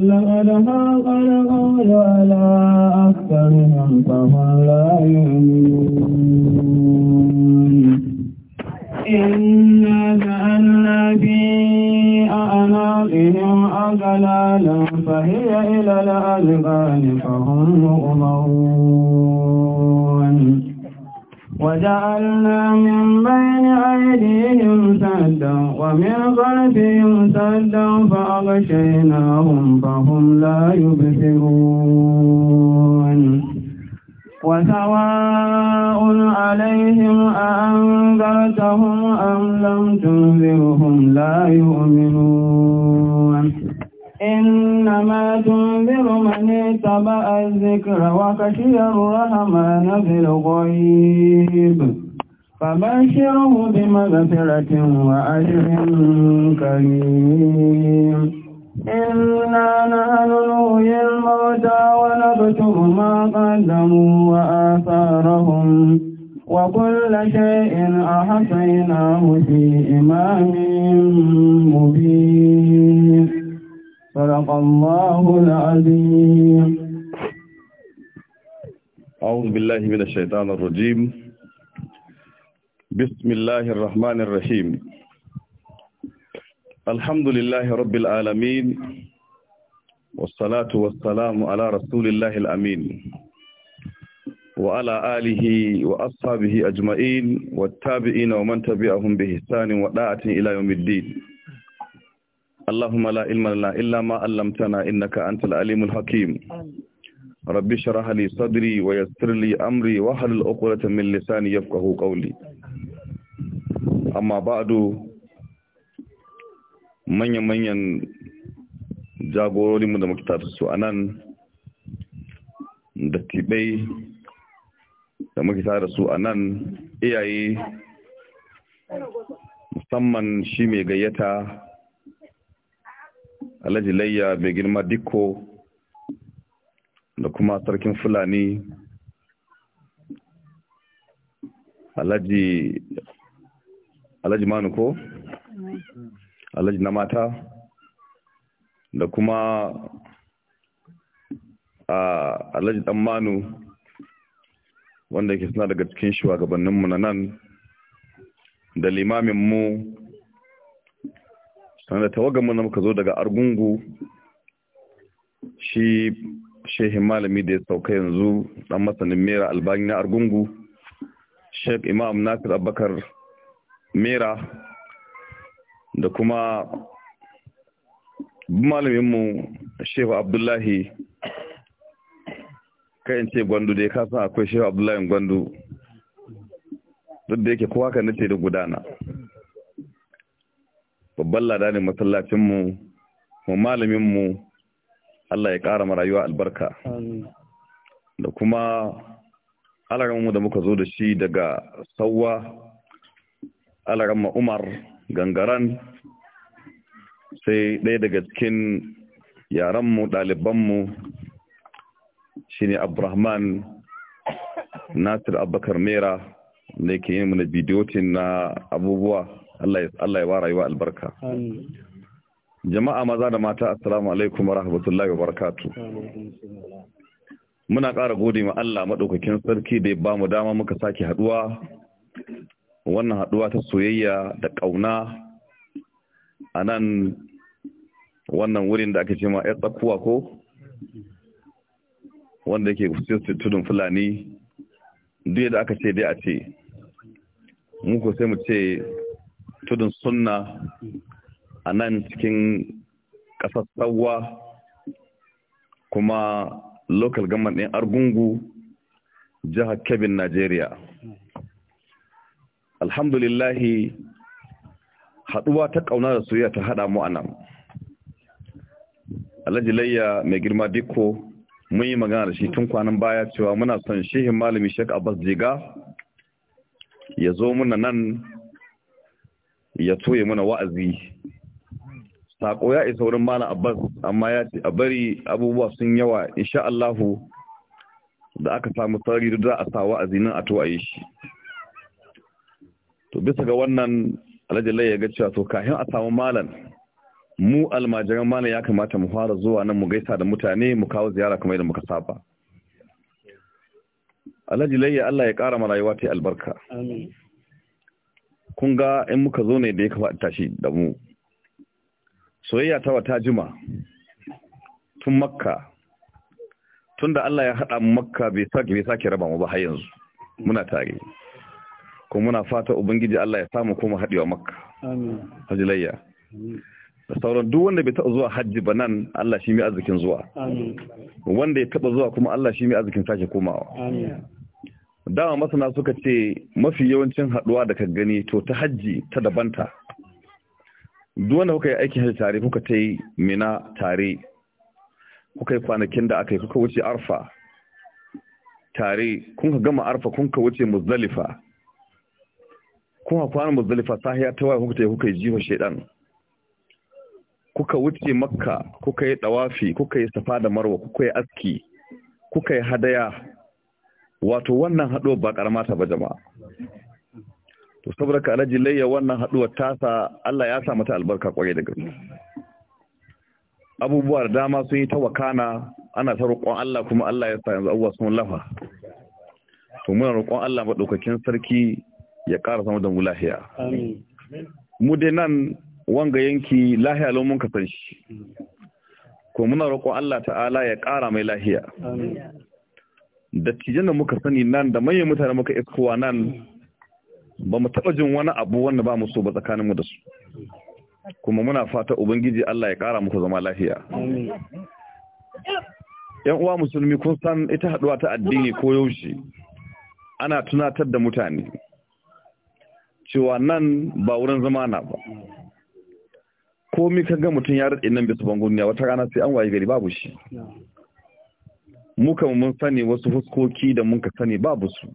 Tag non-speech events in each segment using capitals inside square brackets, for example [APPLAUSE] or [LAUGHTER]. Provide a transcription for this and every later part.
لقد فاقل قول على أكثرهم فهم لا يؤمنون إنا جعلنا في أعناقهم أغلالا فهي إلى الألبان فهم مؤمرون وجعلنا من بين أيديهم سدا ومن خلفهم سدا فأغشيناهم فهم لا يبصرون وسواء عليهم أأنذرتهم أم لم تنذرهم لا يؤمنون إنما تنذر من اتبع الذكر وخشي الرحمن الغيب فبشره بمغفرة وأجر كريم إنا نهل نوي الموتى ونبتغ ما قدموا وآثارهم وكل شيء أحصيناه في إمام مبين صدق الله العظيم أعوذ بالله من الشيطان الرجيم بسم الله الرحمن الرحيم الحمد لله رب العالمين والصلاة والسلام على رسول الله الأمين وعلى آله وأصحابه أجمعين والتابعين ومن تبعهم بإحسان وداعة إلى يوم الدين اللهم لا علم لنا إلا ما علمتنا إنك أنت العليم الحكيم ربي شرح لي صدري ويسر لي أمري وحل الأقرة من لساني يفقه قولي أما بعد من من جاغوري من muke سوانان دكيبي a سوانان da tibai da muke tare alhaji layya mai girma dikko da kuma sarkin fulani alhaji alhaji manuko alhaji na mata da kuma alhaji dan manu wanda yake suna daga cikin shugabanninmu na nan da limamin mu. sannan tawagar mana muka zo daga argungu shi shehin malami da ya sauka yanzu dan masanin mera albani na argungu shek imam nasir abubakar mera da kuma malaminmu shehu abdullahi kayan ce gwandu da ya kasa akwai shehu abdullahi gwandu duk da yake kowa ka nace da gudana babban lada ne masallacinmu mu malaminmu Allah ya ƙara marayuwa albarka da kuma alaramu da muka zo da shi daga sauwa alarama umar gangaran sai ɗaya daga cikin yaranmu ɗalibanmu shi ne abrahman nasir abubakar mera da ke yin mana bidiyotin na abubuwa Allah ya ba rayuwa albarka jama'a maza da mata assalamu alaikum wa rahmatullahi wa barakatu muna ƙara gode ma Allah maɗaukakin sarki da ya ba mu dama muka sake haɗuwa wannan haɗuwa ta soyayya da ƙauna a nan wannan wurin da aka ce ma 'yar tsakuwa ko wanda yake kusurci tudun fulani duk da aka ce dai a ce muku sai mu ce tudun sunna a nan cikin ƙasar kuma lokal government ɗin argungu jihar kebin Najeriya. alhamdulillahi haɗuwa ta ƙauna da soyayya ta haɗa mu a alhaji layya mai girma diko mun yi magana da shi tun kwanan baya cewa muna son shehin malami shek abbas jiga ya zo muna nan ya toye mana wa'azi sako ya isa wurin malam abbas amma ya ce a bari abubuwa sun yawa insha Allahu da aka samu sarari da za a sa wa'azi nan a to shi to bisa ga wannan alhaji ya ga cewa to a samu malam mu almajiran malam ya kamata mu fara zuwa nan mu gaisa da mutane mu kawo ziyara kuma yadda muka saba alhaji layya Allah ya ƙara marayuwa rayuwa ta albarka kun ga in muka zo ne da ya kafa tashi da mu soyayya ta wata jima tun makka tun da Allah ya haɗa mu makka bai sake raba mu ba har yanzu muna tare kuma muna fata ubangiji Allah ya samu kuma haɗewa makka hajilayya da sauran duk wanda bai taɓa zuwa hajji ba nan Allah shi mai arzikin zuwa wanda ya taɓa zuwa kuma Allah shi mai arzikin sake komawa dama masana suka ce mafi yawancin haduwa da gani to ta hajji ta dabanta duk wanda kuka yi aikin hajji tare kuka ta yi mina tare kuka yi kwanakin da aka yi kuka wuce arfa tare kun ka gama arfa kun ka wuce muzdalifa kun ka kwana muzdalifa sahiya ta waye kuka ta yi kuka yi jifa shaidan kuka wuce makka kuka yi dawafi kuka yi safa da marwa kuka yi aski kuka yi hadaya wato wannan haɗuwa ba ƙarama ta ba jama'a to saboda ka alaji layya wannan ta tasa Allah ya sa mata albarka kwarai da gaske abubuwa da dama sun yi ta wakana ana ta roƙon Allah kuma Allah ya sa yanzu abubuwa sun lafa to muna roƙon Allah maɗaukakin sarki ya ƙara sama da mu lahiya mu dai nan wanga yanki lahiya lau mun ka san shi ko muna roƙon Allah ta'ala ya ƙara mai lahiya dattijan da muka sani nan da manyan mutane muka iskowa nan ba mu taɓa jin wani abu wanda ba mu so ba tsakaninmu da su kuma muna fata ubangiji Allah ya ƙara muku zama lafiya yan uwa musulmi kun san ita haɗuwa ta addini ko yaushe ana tunatar da mutane cewa nan ba wurin zama na ba komi ga mutum ya rade nan bisa bangon wata rana sai an waye gari babu shi muka mun sani wasu fuskoki da muka sani babu su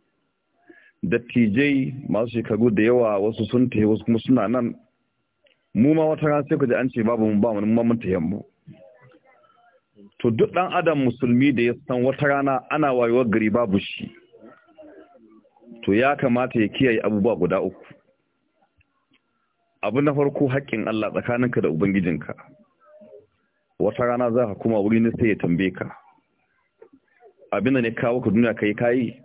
dattijai masu shekaru da yawa wasu sun tafi wasu kuma suna nan mu ma wata rana sai ku ji an ce babu mu ba mu mun tafi mu to duk dan adam musulmi da ya san wata rana ana wayewar gari babu shi to ya kamata ya kiyaye abubuwa guda uku abu na farko haƙƙin Allah tsakaninka da ubangijinka wata rana za ka kuma wuri ne sai ya tambaye ka abin da ne kawo ka duniya ka yi kayi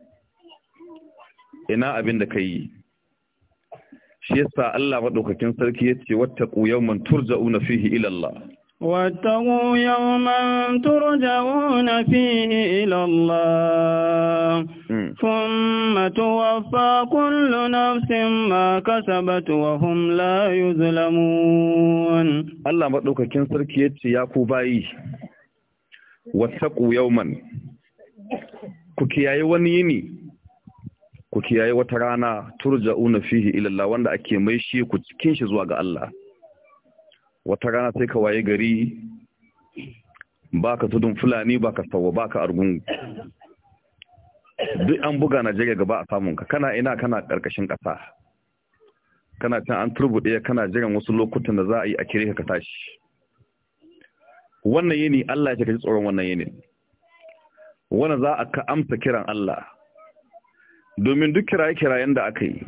ina abin da ka yi shi yasa Allah maɗaukakin sarki ya ce wata ƙuyar mantur za'una fihi ilallah Wataƙo yau man turu jawo na fihi ilalla, fun hmm. matu wa fa kullu nafsin ma kasa batu wa hun layu zulamun. Allah maɗaukakin sarki ya ce ya ku bayi, wataƙo yau man, ku kiyaye wani yini ku kiyaye wata rana una fihi ilallah wanda ake mai shi ku cikin shi zuwa ga Allah wata rana sai ka waye gari baka tudun fulani baka sawa baka argungu duk an buga Najeriya gaba a samun ka kana ina kana karkashin kasa kana can an turbuɗe kana jiran wasu lokutan da za a yi a kire ka tashi wannan yini Allah ya ce ka ji tsoron wannan yini wani za a ka amsa kiran Allah domin duk kiraye-kirayen da aka yi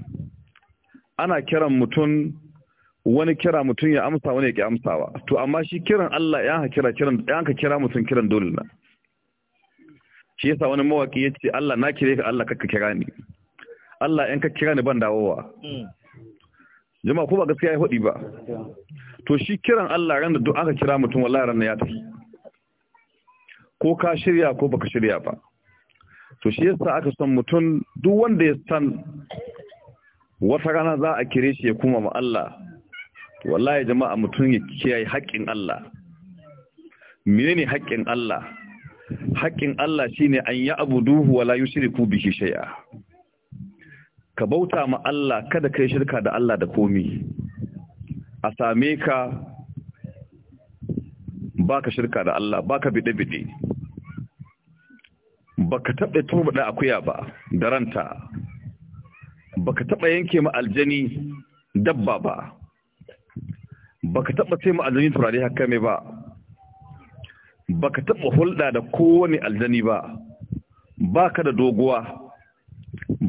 ana kiran mutum wani kira mutum ya amsa wani ya ki amsawa to amma shi kiran Allah ya kira kiran ya ka kira mutum kiran dole na shi yasa wani mawaki ce Allah na kire ka Allah kakka kira ni Allah yan ka kira ni ban dawowa hmm. jama'a ko ba gaskiya ya hudi ba to shi kiran Allah ran da duk aka kira mutum wallahi ran ya tafi ko ka shirya ko baka shirya ba to shi yasa aka san mutum duk wanda ya san wata rana za a kire shi ya kuma ma Allah wallahi jama'a mutum ya kiyaye haƙƙin Allah menene haƙƙin Allah haƙƙin Allah shine an abu duhu, wala yushriku bihi shay'a ka bauta ma Allah kada kai shirka da Allah da komi a same ka baka shirka da Allah baka bide bide baka taɓa turbaɗa akuya ba da ranta baka taɓa yanke ma aljani dabba ba baka taɓa sai ma aljani turare haka mai ba baka taɓa hulɗa da kowane aljani ba baka da doguwa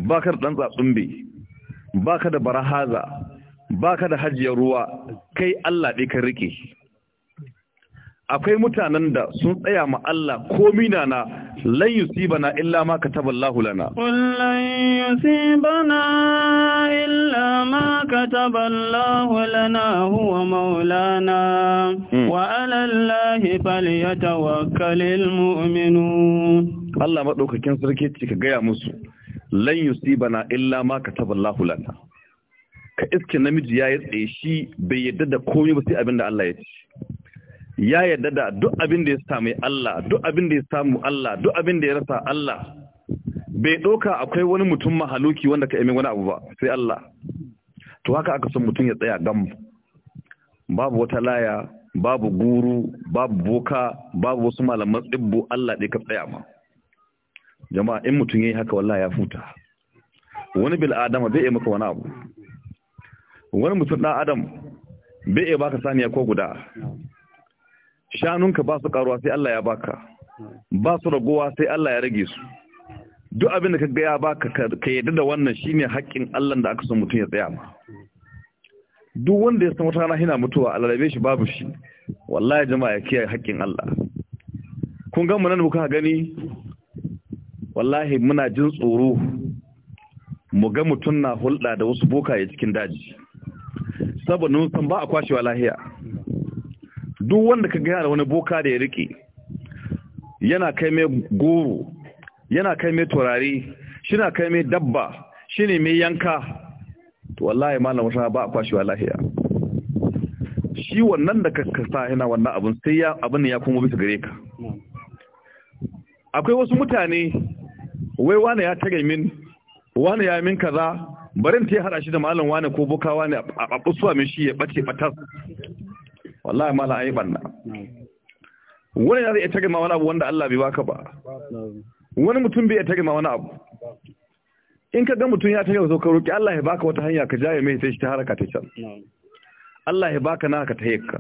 baka da ɗan tsatsumbe baka da barahaza baka da hajiyar ruwa kai Allah ɗai kan rike akwai mutanen da sun tsaya ma Allah ko minana lan yusibana illa ma kataballahu lana qul lan yusibana illa ma kataballahu lana huwa maulana hmm. wa ala allahi falyatawakkalul mu'minun Allah madaukakin sarki ce ka gaya musu lan yusibana illa ma kataballahu lana ka iske namiji ya yi tsaye shi bai yadda da komai ba sai abinda Allah ya ce ya yadda da duk abin da ya samu Allah duk abin da ya samu Allah duk abin da ya rasa Allah bai ɗauka akwai wani mutum mahaluki wanda ka yi wani abu ba sai Allah to haka aka son mutum ya tsaya gam babu wata laya babu guru babu boka babu wasu malaman tsibbu Allah ɗai ka tsaya ma jama'a in mutum ya yi haka wallahi ya futa wani bil adama bai yi maka wani abu wani mutum ɗan adam bai yi baka saniya ko guda shanunka ba su karuwa sai Allah ya baka ba su raguwa sai Allah ya rage su duk abin da ka gaya ya baka ka yadda da wannan ne haƙƙin Allah da aka san mutum ya tsaya ma duk wanda ya san wata rana yana mutuwa lalabe shi babu shi wallahi jama'a ya kiyaye haƙƙin Allah kun ga nan muka gani wallahi muna jin tsoro mu ga mutum na hulɗa da wasu boka ya cikin daji saboda mun san ba a kwashewa lahiya duk wanda ka gaya da wani boka da ya rike yana kai mai goro yana kai mai turare shi na kai mai dabba shi ne mai yanka to wallahi malam wata ba a kwashewa lahiya shi wannan da ka sa yana wannan abin sai ya abin ya kuma bisa gare ka akwai wasu mutane wai wane ya tare min wane ya min kaza barin ta yi hada shi da malam wane ko boka ne a kusuwa mai shi ya bace batas wallahi mala ayi banna wani na zai tage ma wani abu wanda Allah bai baka ba wani mutum bai tage ma wani abu in ka ga mutum ya tage so ka roki Allah ya baka wata hanya ka jaye mai sai shi ta haraka ta can Allah ya baka na ka ka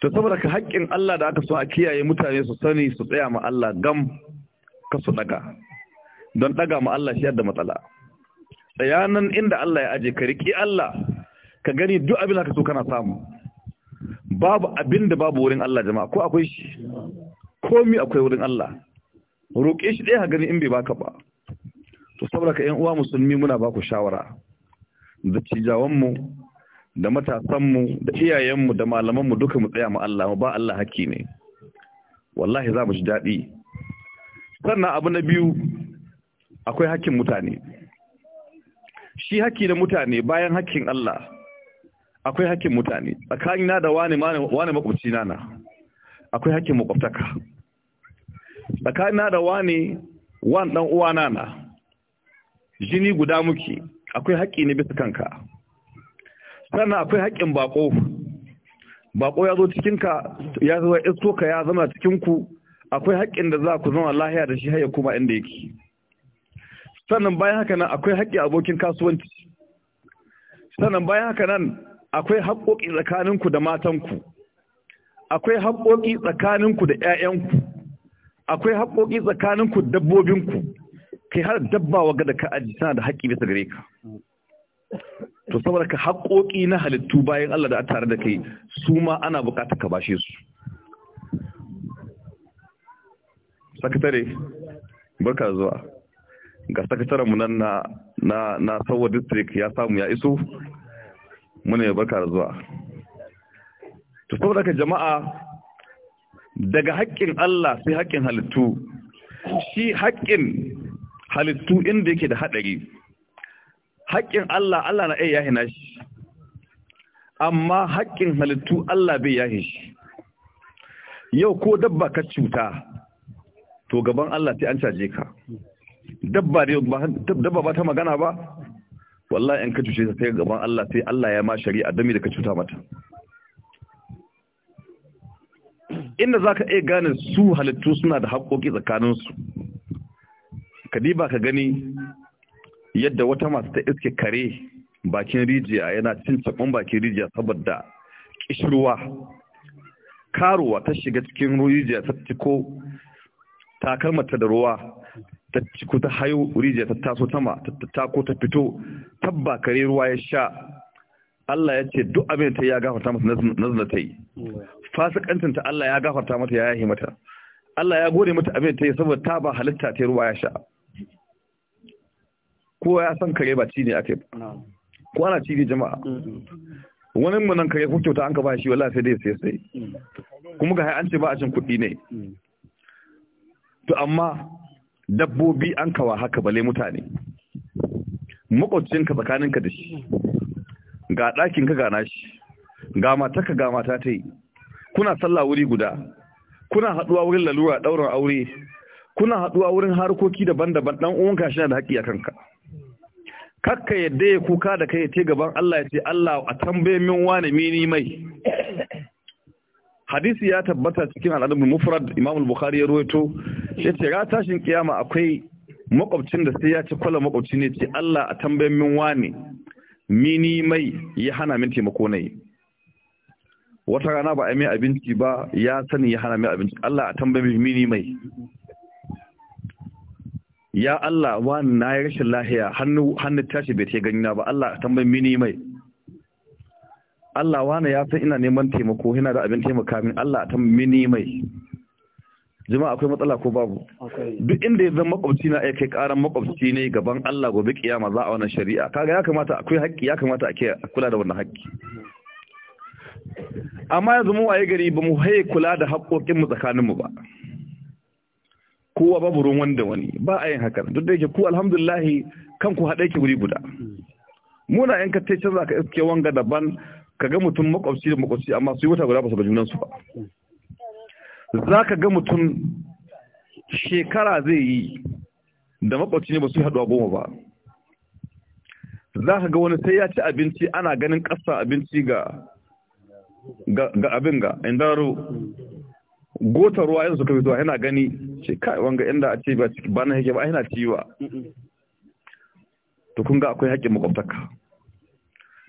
to saboda ka haƙƙin Allah da aka so a kiyaye mutane su sani su tsaya ma Allah gam ka su daga don daga ma Allah shi yadda matsala tsayanan inda Allah ya aje ka riki Allah ka gani duk abin da ka so kana samu babu abin da babu wurin Allah jama'a ko akwai shi komi akwai wurin Allah roƙe shi ɗaya gani in bai baka ba to saboda ka ƴan uwa musulmi muna baku shawara da cijawanmu da matasanmu da iyayenmu da malaman malamanmu duka mu tsaya mu Allah mu ba Allah hakki ne wallahi za mu ji daɗi sannan abu na biyu akwai hakkin mutane shi hakki na mutane bayan hakkin Allah akwai hakkin mutane na da wani wani makwabci na akwai hakkin makwabtaka na da wani wani dan uwa na jini guda muke akwai haƙƙi ne bisa kanka sannan akwai haƙƙin bako bako ya zo cikinka ya zo iso ka ya zama cikinku akwai haƙƙin da za ku zama lahiya da shi haye kuma inda yake sannan bayan haka nan akwai hakki abokin kasuwanci sannan bayan haka nan akwai haƙoƙi tsakaninku da matanku akwai haƙoƙi tsakaninku da 'ya'yanku. akwai haƙoƙi tsakaninku da dabbobinku kai har dabba wa da ka tana da haƙƙi bisa gare ka to saboda ka haƙoƙi na halittu bayan Allah da a tare da kai su ma ana buƙatar ka bashe su sakatare barka zuwa ga sakataren mu nan na na district ya samu ya iso muna yi barka da zuwa to saboda jama'a daga haƙƙin Allah sai haƙƙin halittu shi haƙƙin halittu inda yake da haɗari haƙƙin Allah Allah na iya yahina nashi amma haƙƙin halittu Allah bai yahi shi yau ko dabba ka cuta to gaban Allah sai an caje ka dabba ba ta magana ba wallahi in ka cuce ta sai gaban Allah sai Allah ya ma shari'a dami da ka cuta mata inda zaka iya gane su halittu suna da haƙoƙi tsakanin su kadiba ka gani yadda wata masu ta iske kare bakin rijiya yana cin sakon bakin rijiya saboda kishirwa karuwa ta shiga cikin rijiya ta ciko takalmata da ruwa ta ko ta hayo rijiya ta taso sama ta tako ta fito tabba kare ruwa ya sha Allah ya ce duk abin ta ya gafarta mata nazna ta yi fasikancin ta Allah ya gafarta mata ya yahi mata Allah ya gode mata abin ta yi saboda ta ba halitta ta ruwa ya sha kowa ya san kare ba ci ne ake ko ana ci ne jama'a mm-hmm. wani mu nan kare ko kyauta an ka ba shi wallahi sai dai sai sai mm. kuma ga an ce ba a cin kuɗi ne mm. to amma dabbobi an kawa haka bale mutane makwabcinka tsakaninka da shi ga ɗakinka ga nashi ga mataka ga mata ta yi kuna sallah wuri guda kuna haɗuwa wurin lalura ɗaurin aure kuna haɗuwa wurin harkoki daban-daban ɗan uwanka shi da haƙƙi a kanka kakka yadda ya kuka da kai te gaban Allah ya ce Allah a tambaye min wani mini mai hadisi ya tabbata cikin al'adun mufrad imamul bukhari ya ruwaito yace ga tashin kiyama akwai makwabcin da sai ya ci kwallon makwabci ne ce Allah a tambayin min wani mini mai ya hana min taimako ne wata rana ba a mai abinci ba ya sani ya hana min abinci Allah a tambayin mini mai ya Allah wani na ya rashin lahiya hannu tashi bai ce ganina ba Allah a tambayin mini mai Allah wane ya san ina neman taimako yana da abin taimaka min Allah ta mini mai jama'a akwai matsala ko babu duk inda ya zama makwabci na eh, kai karan makwabci ne gaban Allah gobe kiyama za a wannan shari'a kaga ya kamata akwai haƙƙi ya kamata a kula da wannan haƙƙi amma yanzu mu waye gari ba mu haye kula da haƙƙoƙin mu tsakanin mu ba kowa babu ruwan wanda wani ba a yin hakan duk da yake ku alhamdulillah kan ku haɗe ki wuri guda muna yan kace can zaka iske wanga daban ka ga mutum makwabci da makwabci amma su yi wata guda ba su ba junansu ba za ka ga mutum shekara zai yi da makwabci ne ba su yi haɗuwa goma ba za ka ga wani sai ya ci abinci ana ganin ƙasa abinci ga ga abin ga ro gota ruwa yanzu suka fito yana gani ce kai wanga inda a ce ba na yake ba yana ciwa to kun ga akwai haƙƙin makwabtaka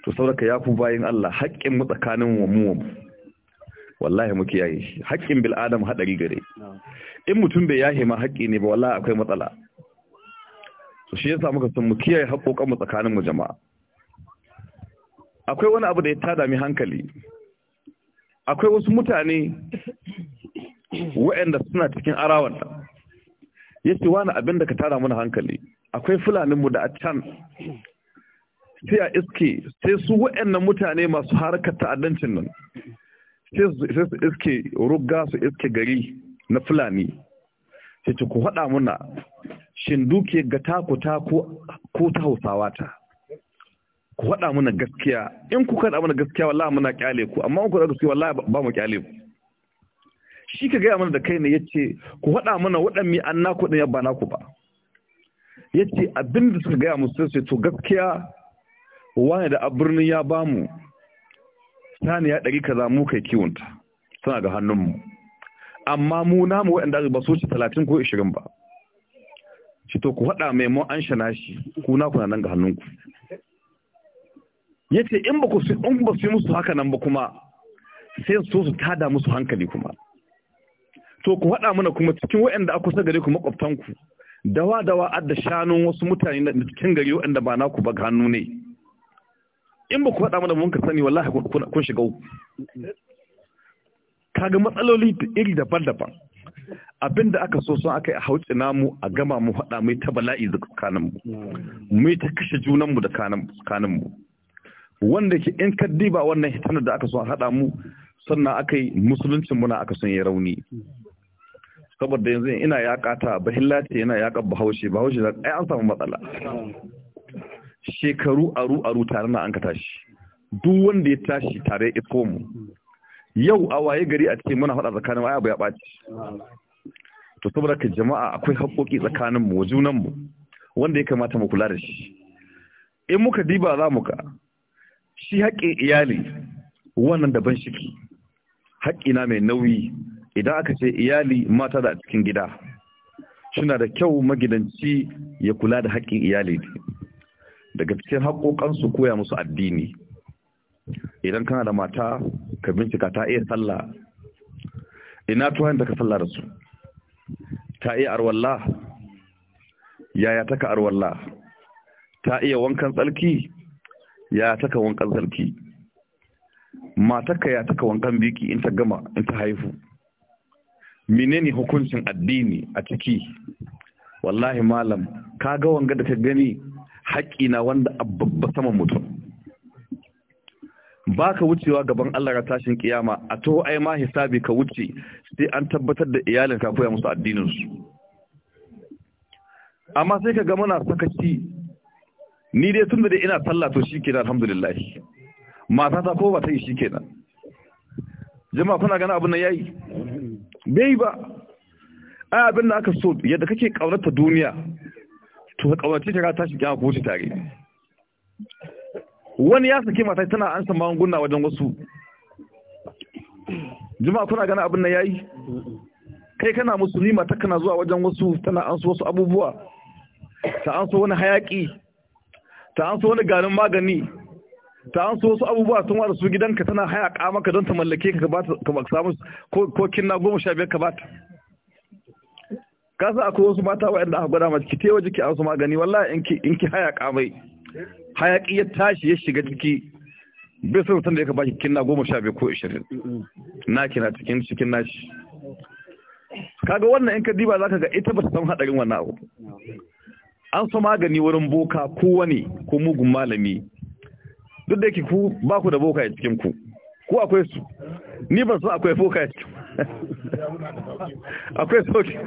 to sauraka ya ku bayin Allah haƙƙin mu tsakanin mu mu wallahi mu kiyaye shi haƙƙin bil adam hadari gare in mutum bai yahe ma haƙƙi ne ba wallahi akwai matsala to shi yasa muka san mu kiyaye haƙoƙan mu tsakanin mu jama'a akwai wani abu da ya tada mi hankali akwai wasu mutane waɗanda suna cikin arawan yace wani abin da ka tada mana hankali akwai mu da a can sai a iske sai su waɗannan mutane masu harkar ta'addancin nan sai su iske rugga su iske gari na fulani sai ci ku haɗa muna shin duke ga takuta ko ta hausawa ta ku haɗa muna gaskiya in ku haɗa muna gaskiya wallahi muna kyale ku amma ku haɗa gaskiya wallahi ba mu kyale ku shi ka gaya mana da kai ne ya ce ku haɗa mana waɗanne an naku ɗin ya ba naku ba ya ce abinda suka gaya musu sai to gaskiya wani da a birnin ya bamu saniya ɗari kaza mu kai kiwonta suna ga hannunmu amma mu namu waɗanda ba soci talatin ko ishirin ba shi to ku haɗa mai mun an shana shi na kuna nan ga hannunku ya ce in ba ku su in ba su yi musu haka nan ba kuma sai su su tada musu hankali kuma to ku haɗa mana kuma cikin waɗanda aka kusa gare ku makwabtanku dawa dawa adda shanun wasu mutane na cikin gari waɗanda ba naku ba ga hannu ne in ba ku faɗa mana mun ka sani wallahi kun shiga uku kaga matsaloli iri daban-daban abinda aka so son aka yi a hauci namu a gama mu faɗa mai ta bala'i da kanan mu mai ta kashe junan mu da kanan mu wanda ke in ka diba wannan hitanar da aka so a haɗa mu sannan aka yi musuluncin muna aka son ya rauni saboda yanzu ina yaƙata, ta yana yaƙa bahaushe bahaushe ai an samu matsala shekaru aru aru tare na an ka tashi duk wanda ya tashi tare ya ifo mu yau a waye gari a cikin muna faɗa tsakanin waya ya ɓaci to saboda ka jama'a akwai haƙoƙi tsakanin mu junan mu wanda ya kamata mu kula da shi in muka diba za mu ka shi haƙƙin iyali wannan daban shiki na mai nauyi idan aka ce iyali mata da a cikin gida suna da kyau magidanci ya kula da haƙƙin iyali ne daga cikin haƙoƙansu koya musu addini idan kana da mata ka bincika ta iya sallah ina tuwayen da ka sallah da su ta iya arwalla yaya taka arwalla ta iya wankan tsarki yaya taka wankan tsarki ka ya taka wankan biki in ta gama in ta haifu menene hukuncin addini a ciki wallahi malam ka ga wanga da ka gani haƙƙi na wanda abubba saman mutum ba ka wucewa gaban Allah ga tashin kiyama a taho ai ma hisabi ka wuce sai an tabbatar da iyalin ka koya musu addininsu amma sai ka ga muna sakaci ni dai tun da ina sallah to shikenan alhamdulillah mata ta ko ba ta yi shikenan jama'a kuna gana abin nan yayi bai ba ai abin da aka so yadda kake kaunata duniya to ka kawace ta ta shiga ko shi tare wani ya saki mata tana ansa magunguna wajen wasu juma'a kuna gana abin nan yayi kai kana musulmi mata kana zuwa wajen wasu tana ansa wasu abubuwa ta ansa wani hayaki ta ansa wani garin magani ta ansa wasu abubuwa sun wada su gidanka tana hayaka maka don ta mallake ka ka ba ta ko kinna goma sha biyar ka ba ta ka akwai wasu mata waɗanda aka gwada mace ki te waje ki amsa magani wallahi in ki in ki hayaka mai hayaki ya tashi ya shiga ciki bai san san da yake baki kinna goma sha biyu ko ishirin na kina cikin cikin nashi kaga wannan in ka diba zaka ga ita ba ta san hadarin wannan abu an so magani wurin boka ko wani ko mugun malami duk da yake ku ba ku da boka a cikin ku ko akwai su ni ban san akwai boka a cikin [LAUGHS] akwai sauki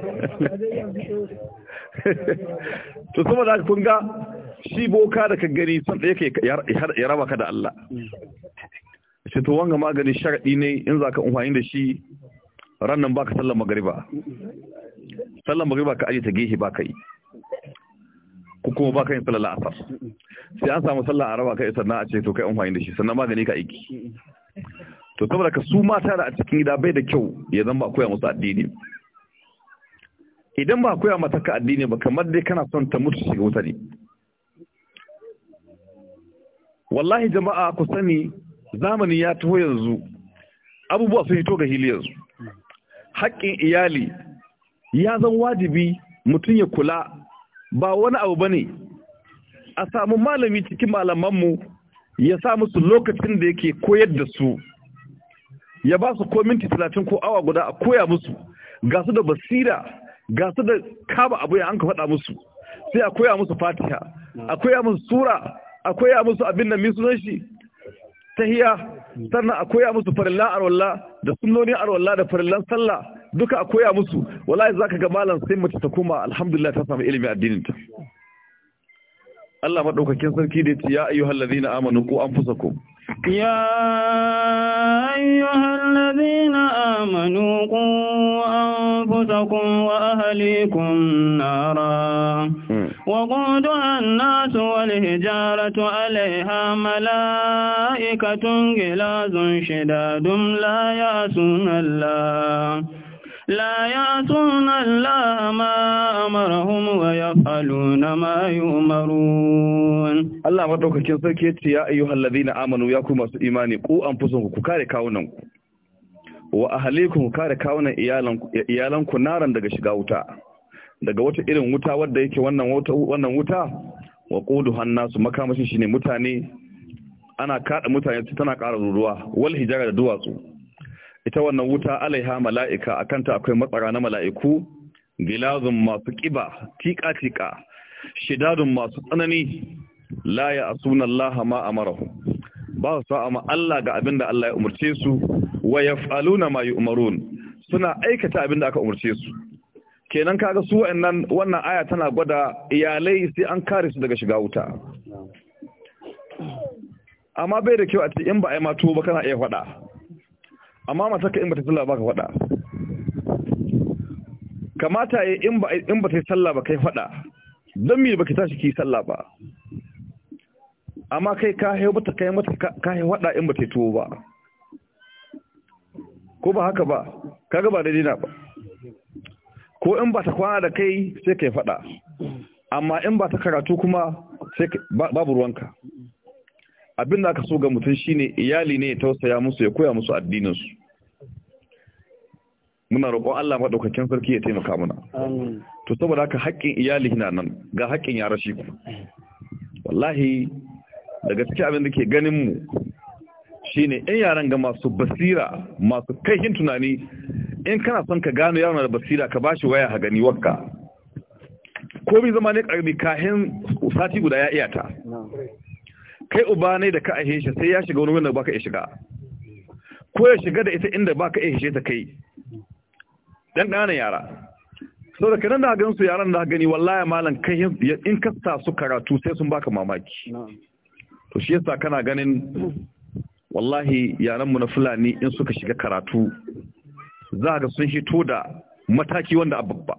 [LAUGHS] to sama da kun ga shi boka da kan gani sun da yake ya raba ka da Allah shi to wanga magani sharadi ne in za ka umfani da shi rannan baka sallan magariba sallan magariba ka aje ta gehe baka yi ko kuma baka yin sallar asar sai an samu sallar araba kai sannan a ce to kai umfani da shi sannan magani ka aiki to saboda ka su mata da a cikin gida bai da kyau ya zama koya musu addini idan ba koya mata ka addini ba kamar dai kana son ta mutu shiga wuta ne wallahi jama'a ku sani zamani ya taho yanzu abubuwa sun hito ga hili yanzu haƙƙin iyali ya zan wajibi mutum ya kula ba wani abu ba ne a samu malami cikin malamanmu ya sa musu lokacin da yake koyar da su ya ba su ko minti talatin ko awa guda a koya musu ga su da basira ga su da kaba abu ya an ka faɗa musu sai a koya musu fatiha a koya musu sura a koya musu abin da min sunan shi tahiya sannan a koya musu farillan arwalla da sunnoni arwalla da farillan sallah duka a koya musu wallahi zaka ga malam sai mace ta koma alhamdulillah ta samu ilimi addinin ta Allah maɗaukakin sarki da ya ce ya ayyuhallazina amanu an anfusakum يا أيها الذين آمنوا قوا أنفسكم وأهليكم نارا وقودها الناس والهجارة عليها ملائكة غلاظ شداد لا يأسون الله لا يأسون الله ما أمرهم ويفعلون ما يؤمرون Allah maɗaukakin sarki ya ce ya ayyuhal na amanu ya ku masu imani ku an fusunku ku kare kawunanku. Wa a haliku ku kare kawunan iyalanku naran daga shiga wuta daga wata irin wuta wadda yake wannan wuta wannan wuta hannu su makamashi shi ne mutane ana kaɗa mutane su tana ƙara ruruwa wal hijara da duwatsu ita wannan wuta alaiha mala'ika A kanta akwai matsara na mala'iku gilazun masu ƙiba tiƙa tiƙa shidadun masu tsanani la ya asuna Allah ma amarahu ba su amma Allah ga abin da Allah ya umarce su wa yaf'aluna ma yu'marun suna aikata abin da aka umarce su kenan kaga su wa'annan wannan aya tana gwada iyalai sai an kare su daga shiga wuta amma bai da kyau a ce in ba a yi mato ba kana iya faɗa amma saka in ba ta sallah ba ka faɗa kamata ya in ba ta yi sallah ba kai faɗa don me ba ki tashi ki sallah ba amma kai ka haihu bata kai mata ka haihu hada in bata tuwo ba ko ba haka ba kaga ba da dina ba ko in ba ta kwana da kai sai yi fada amma in ba ta karatu kuma sai babu ruwanka abin da aka so ga mutum shine iyali ne ya tausaya musu ya koya musu addinin su muna roƙon Allah madaukakin sarki ya taimaka mana to saboda haka haƙƙin iyali na nan ga haƙƙin yara shi ku. wallahi daga cikin abin da ke ganin mu shine in yaran ga masu basira masu kaihin tunani in kana son ka gano yaron da basira ka bashi waya ha gani wakka ko bi zama ne karbi kahin sati guda ya iya ta kai uba ne da ka ahe shi sai ya shiga wani wanda baka iya shiga ko ya shiga da ita inda baka iya shi ta kai dan ɗana yara sau da kanan da gansu su yaran da gani wallaya malam kai in kasta su karatu sai sun baka mamaki to shi yasa kana ganin wallahi yaranmu na fulani in suka shiga karatu za ga sun hito da mataki wanda a babba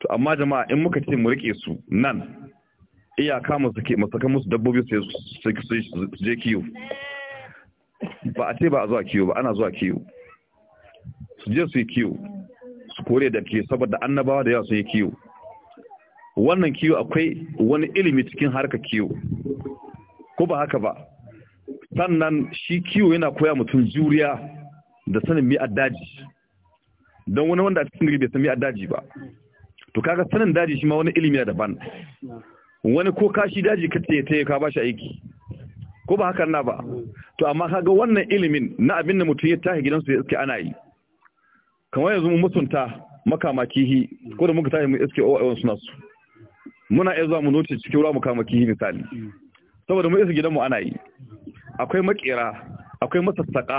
to amma jama'a in muka ce mu rike su nan iyaka mu suke masakan musu dabbobi su je kiyo ba a ce ba a zuwa kiyo ba ana zuwa kiyo su je su yi kiyo su kore da ke saboda annabawa da yawa sun yi kiyo wannan kiwo akwai wani ilimi cikin harka kiwo ko ba haka ba sannan shi kiwo yana koya mutum juriya da sanin mi daji don wani wanda a cikin gari bai san mi daji ba to kaga sanin daji shi ma wani ilimi na daban wani ko kashi daji kace ta ka ba shi aiki ko ba hakan na ba to amma kaga wannan ilimin na abin da mutum ya tahi gidansu ya iske ana yi kamar yanzu mu mutunta makamakihi ko da muka tashi mu iske owa suna su muna iya zuwa mu noce cikin ruwa mu kama misali saboda mu isa gidan mu ana yi akwai makera akwai masassaka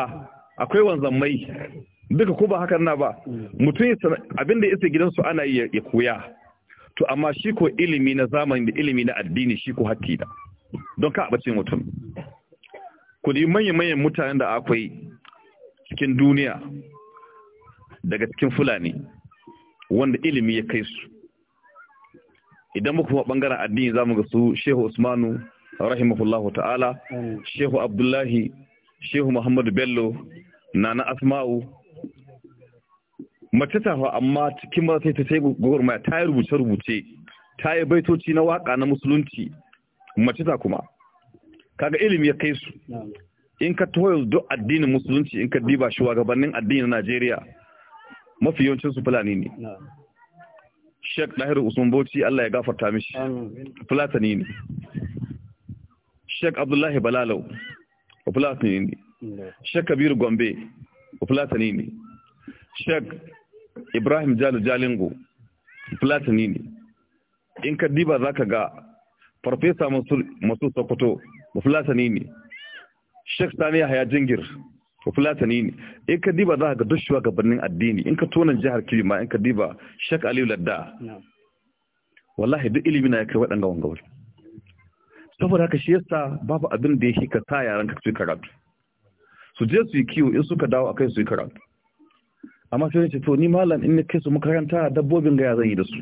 akwai wanzammai duka ko ba hakan na ba mutum abin da isa gidansu ana yi ya koya to amma shi ko ilimi na zamani da ilimi na addini shi ko hakki da don ka abacin mutum ku manya manyan mutanen da akwai cikin duniya daga cikin fulani wanda ilimi ya kai su idan muka kuma bangaren addini zamu ga su Shehu Usmanu rahimahullahu ta'ala Shehu Abdullahi Shehu Muhammadu Bello Nana Asma'u mace ta amma cikin ba sai ta sai gwagwarmaya ta yi rubuce-rubuce ta yi baitoci na waka na musulunci mace kuma kaga ilimi ya kai su in ka taho duk addinin musulunci in ka diba shi gabanin addinin Najeriya mafi yawancin su fulani ne Sheikh Dahir Usman Bauchi Allah ya gafarta mishi Fulatani ne Sheikh Abdullahi Balalau Fulatani ne Sheikh Kabir Gombe Fulatani ne Sheikh Ibrahim Jalu Jalingo Fulatani ne in ka diba ka ga Farfesa Masu Sokoto Fulatani ne Sheikh Sani Yahya Jingir fulatani ne in ka diba za ka ga gabanin addini in ka tonan jihar kirima in ka diba shak aliyu ladda wallahi duk ilimi na ya kai waɗanda wanga wuri saboda haka shi yasa babu abin da ya yake ka sa yaran ka su karatu su je su yi kiwo in suka dawo akai su yi karatu amma sai ce to ni malam in kai su makaranta dabbobin ga ya zan yi da su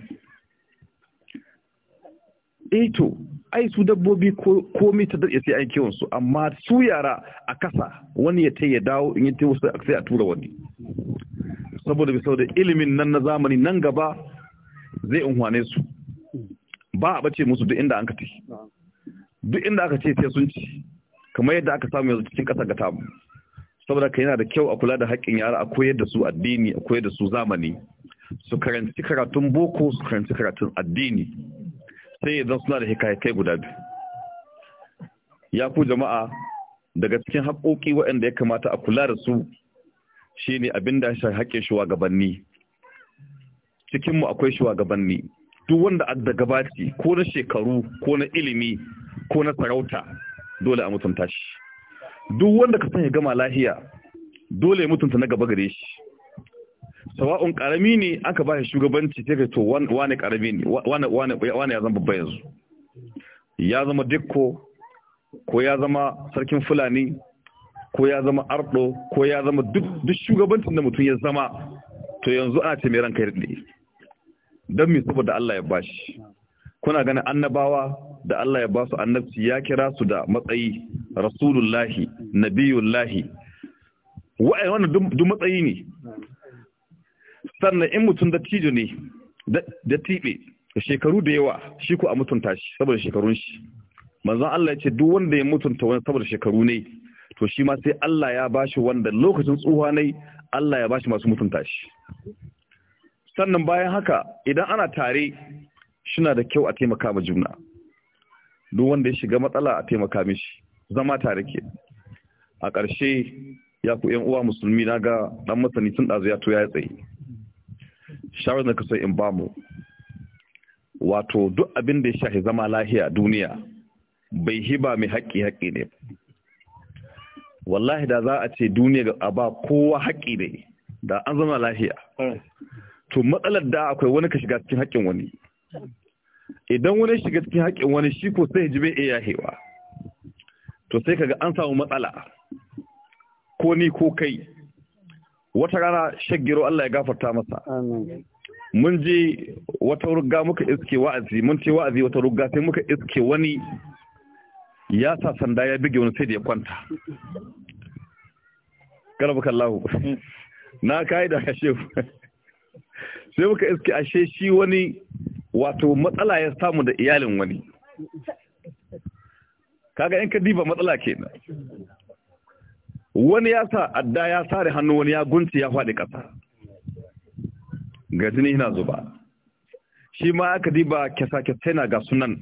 eh to ai su dabbobi komi ta daɗe sai an kiwon su amma su yara a kasa wani ya ta ya dawo in yi ta wasu sai a tura wani saboda bisa da ilimin nan na zamani nan gaba zai unhwane su ba a bace musu duk inda an ka ce. duk inda aka ce sai sun ci kamar yadda aka samu yanzu cikin kasa ga tamu saboda ka yana da kyau a kula da haƙƙin yara a koyar da su addini a koyar da su zamani su karanci karatun boko su karanci karatun addini sai idan suna da hikayakai guda biyu ya ku jama'a daga cikin haƙoƙi waɗanda ya kamata a kula da su shine abin da shi haƙe shugabanni cikinmu akwai shugabanni duk wanda adda gabaci ko na shekaru ko na ilimi ko na sarauta dole a mutunta shi duk wanda ka san ya gama lahiya dole ya mutunta na gaba gare shi sawa'un karami ne aka ba shi shugabanci sai ka to wane karami ne wane ya zama babba yanzu ya zama dikko ko ya zama sarkin fulani ko ya zama ardo ko ya zama duk shugabancin da mutum ya zama to yanzu ana ce mai ranka yarda don me saboda Allah ya bashi kuna ganin annabawa da Allah ya su annabci ya kira su da matsayi rasulullahi nabiyullahi wa'ai wannan duk matsayi ne sannan in mutum dattijo ne da tibe da shekaru da yawa shi ko a mutunta shi saboda shekarun shi manzon Allah ya ce duk wanda ya mutunta wani saboda shekaru ne to shi ma sai Allah ya bashi wanda lokacin tsuha ne Allah ya bashi masu mutunta shi sannan bayan haka idan ana tare na da kyau a taimaka ma juna duk wanda ya shiga matsala a taimaka mishi zama tare ke a ƙarshe ya ku ƴan uwa musulmi na ga ɗan masani sun ɗazu ya to ya tsaye shawarar da kasar in ba mu, wato duk abin da ya shahi zama lahiya duniya bai hiba mai haƙƙi haƙƙi ne wallahi da za a ce duniya a ba kowa haƙƙi ne da an zama lahiya to matsalar da akwai wani ka shiga cikin haƙƙin wani idan wani shiga cikin haƙƙin wani shi ko sai ji bai iya yahewa to sai kaga an samu matsala ko ni ko kai wata rana shaggiro Allah ya gafarta masa mun je wata rugga muka iske wa'azi mun ce wa'azi wata rugga sai muka iske wani ya sa sanda ya bige wani sai da ya kwanta garba kallahu na kai da kashe sai muka iske ashe shi wani wato matsala ya samu da iyalin wani kaga in ka diba matsala kenan wani ya sa adda ya sare hannu wani ya gunci ya faɗi ƙasa ga jini yana zuba shi ma aka diba kyasa-kyasa yana ga sunan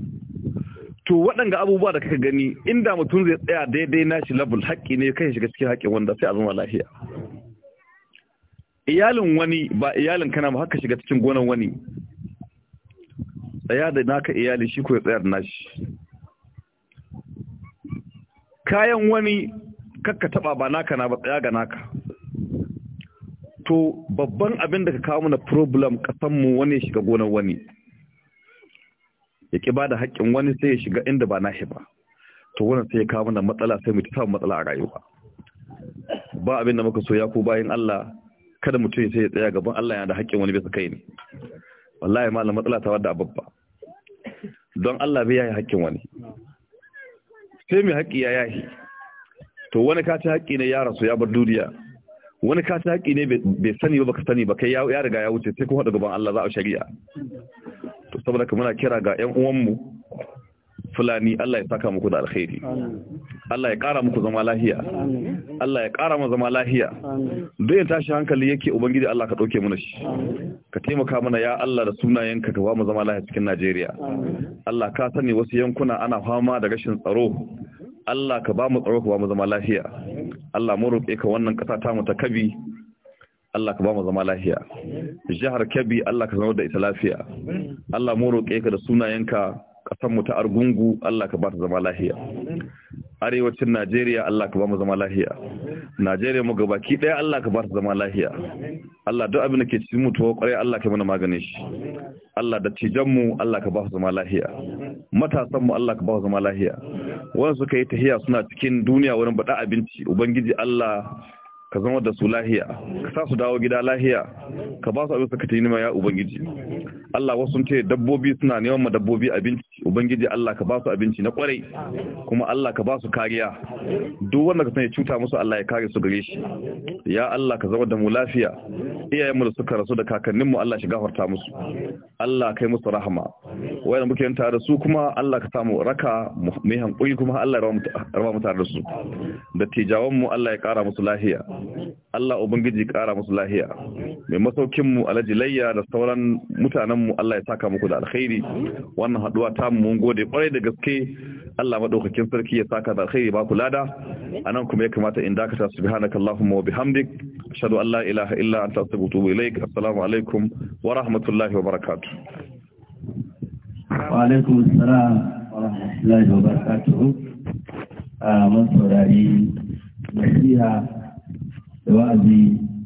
to waɗanga abubuwa da kaka gani inda mutum zai tsaya daidai nashi labul haƙƙi ne kai shiga cikin haƙƙin wanda sai a zama lafiya iyalin wani ba iyalin kana ba haka shiga cikin gonan wani tsaya da naka iyali shi ko ya tsayar na nashi kayan wani kakka taba ba naka na ba tsaya ga naka to babban abin da ka kawo mana problem kasanmu wani ya shiga gonar wani ya ƙi ba da haƙƙin wani sai ya shiga inda ba nashi ba to wannan sai ya kawo mana matsala sai mu ta samu matsala a rayuwa ba abin da muka so ya ku bayan Allah kada mutum sai ya tsaya gaban Allah yana da haƙƙin wani bisa kai ne wallahi malam matsala ta wadda babba don Allah bai yayi haƙƙin wani sai mai haƙƙi ya yayi to wani ka ci haƙƙi ne ya rasu ya bar duniya wani ka saki ne bai sani ba ka sani ba kai ya riga ya wuce sai kuma da gaban Allah za a shari'a to saboda kuma muna kira ga ƴan uwanmu fulani Allah ya saka muku da alkhairi Allah ya ƙara muku zama lahiya Allah ya ƙara mu zama lahiya duk ya tashi hankali yake ubangiji Allah ka ɗauke mana shi ka taimaka mana ya Allah da sunayenka ka ba mu zama lahiya cikin Najeriya Allah ka sani wasu yankuna ana fama da rashin tsaro Allah ka ba mu tsaro ka ba mu zama lahiya Allah mu roƙe ka wannan ƙasa ta mu ta kabi Allah ka ba mu zama lafiya jihar kabi Allah ka zama da ita lafiya Allah mu roƙe ka da sunayenka ƙasar mu ta argungu Allah ka ba ta zama lafiya arewacin Najeriya Allah ka ba mu zama lahiya Najeriya mu gabaki daya Allah ka ba ta zama lahiya Allah duk abin da ke cikin mutuwa kwarai Allah ka mana magani shi Allah da mu Allah ka ba su zama lahiya matasan Allah ka ba su zama lahiya wanda suka yi tahiya suna cikin duniya wurin baɗa abinci ubangiji Allah ka zama da su lahiya ka sa su dawo gida lahiya ka ba su abin suka ta yi nima ya ubangiji Allah wasu sun ce dabbobi suna neman ma dabbobi abinci ubangiji Allah ka ba su abinci na kwarai kuma Allah ka ba su kariya duk wanda ka sani cuta musu Allah ya kare su gare shi ya Allah ka zama da mu lafiya iyayen mu da suka rasu da kakannin mu Allah shi gafarta musu Allah kai musu rahama wayanda muke yin tare da su kuma Allah ka samu raka mai hankuri kuma Allah ya raba mu tare da su da tijawan mu Allah ya kara musu lahiya Allah ubangiji ƙara musu lahiya mai masaukinmu mu alhaji layya da sauran mutanenmu Allah ya saka muku da alkhairi wannan haɗuwa ta mu mun gode ƙwarai da gaske Allah maɗaukakin sarki ya saka da alkhairi ba ku lada nan kuma ya kamata in dakata subhanakallahumma wa bihamdik ashhadu Allah la ilaha illa an astaghfiruka wa atubu ilaik assalamu alaikum wa rahmatullahi wa barakatu. wa alaikum salam. wa rahmatullahi wa barakatu. Ah, mun saurari nasiha da wa'azi